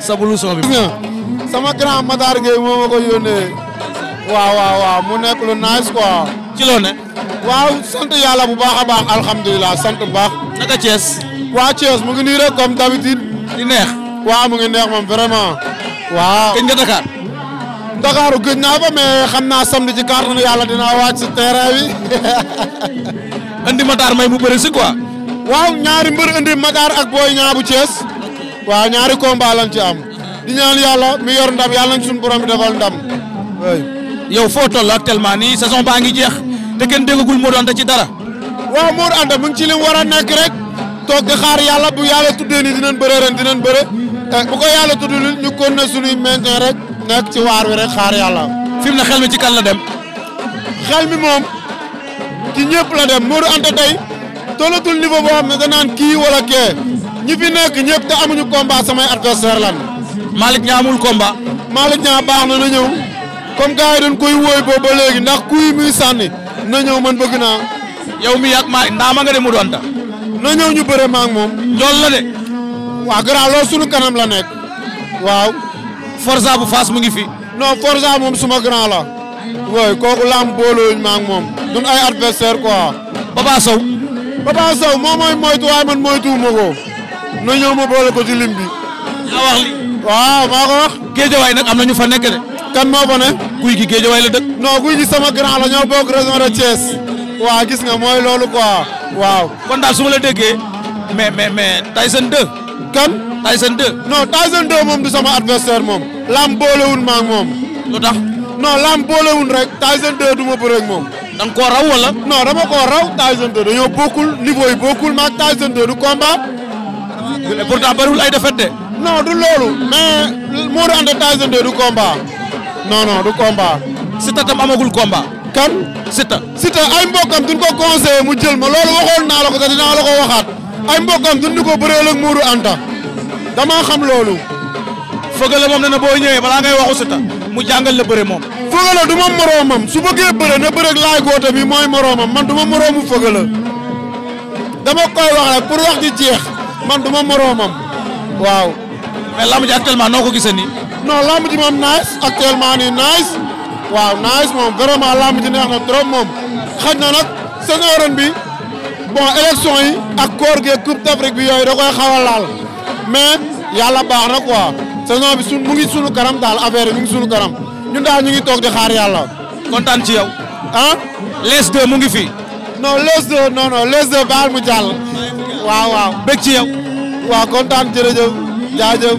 sabulu son bi. sama grand Matar Gueye moo ma yónnee. waaw waaw waaw mu nekk lu nice quoi. ci loo waaw sant yàlla bu baax a baax alhamdulilah sant bu baax. naka Thiès. waa Thiès mu ngi nii rek comme di neex. waaw mu ngi neex moom vraiment. waaw. kañ nga Dakar. Ndakaaru gëj naa fa mais xam naa samedi ci kàttanu yàlla dinaa wàcc si terrain bi. andi Matar may mu bëri si quoi. waaw ñaari mbër andi Matar ak Boy Niang bu Thiès. waaw ñaari combat lañ ci am. di ñaan yàlla mi yor ndam yàlla nañ suñu borom bi yow foo toll actuellement nii saison baa ngi jeex te kenn déggagul Modou Anta ci dara. waaw Modou Anta mu ngi ci li mu war a nekk rek toog di xaar yàlla bu yàlla tuddee ni dinañ bëre ren dinañ bëre eh, bu ko yàlla tuddul rek. nekk ci waar wi rek xaar yàlla. fi mu ne xel mi ci kan la dem. xel mi moom ci ñëpp la dem Modou Anta tey tollatul niveau boo xam ne kii wala kee ñi fi nekk ñëpp te amuñu combat samay adversaire lan. Malick Niang amul combat. Malick Niang baax na na ñëw comme gars koy wóoy ba léegi ndax kuy muy sànni na ñëw man bëgg naa. yow mi yàgg Malick ma nga de Modou Anta. na ñu bëre ma ak moom. njool la de. waaw garaaw loolu sunu kanam la nekk waaw. Forza bu Fass mu ngi fi. non Forza moom suma grand la. waaw kooku lamb boolewuñ ma ak moom. ñun ay adversaire quoi. Papa Sow. Papa Sow moom mooy moytu waaye man moytu ma ko. na ñëw ma boole ko ci lim bi. li waaw maa ko wax. géejawaay nag am na ñu fa nekk de. kan moo fa ne. guy gi la dëkk. non guy gi sama grand la ñoo bokk région de Thiès. gis nga mooy loolu quoi. waaw kon daal su ma la déggee. mais mais mais sen 2. kan Tyson 2. non Tyson 2 moom du sama adversaire moom. laam boolewul ma ak moom. lu tax non laam boolewul rek Tyson 2 du ma bëreeg moom. da nga koo raw dama koo raw Tyson 2 dañoo bokkul niveau yi bokkul ma ak Tyson 2 du combat. bariwul ay défaite de. non du loolu mais Modou Anta Tyson 2 du combat. non non du combat. Siteu tam amagul combat. kan Siteu. Siteu ay mbokkam duñ ko conseillé mu jël ma loolu waxoon naa la ko te dinaa ay mbokkam dund ko bëreel ak muuru Anta damaa xam loolu. Feugeuleu moom nee na boo ñëwee balaa ngay waxu Siteu mu jàngal la bëre moom. Feugeuleu du ma moroomam su bëggee bëre na bëre ak laay goote bi mooy moroomam man du ma moroomu Feugeuleu dama koy wax rek pour wax ji jeex man du ma moroomam waaw. mais lamb ji actuellement noo ko gisee nii. non lamb ji moom nice actuellement nii nice waaw nice moom vraiment lamb ji neex na trop moom xaj na nag saison bi. bon élection yi ak koor gi coupe d'Afrique bi yooyu da koy xaw a yàlla baax na quoi bi suñ mu ngi sunu kanam daal affaire yi mu ngi sunu kanam ñun daal ñu ngi toog di xaar yàlla. kontaan ci yow. ah. les mu ngi fi. no les deux non non les baal mu jàll. waaw waaw bëgg ci yow. waaw kontaan jërëjëf jaajëf.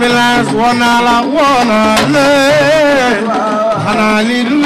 ambulance woo naa la woo naa la xanaa lii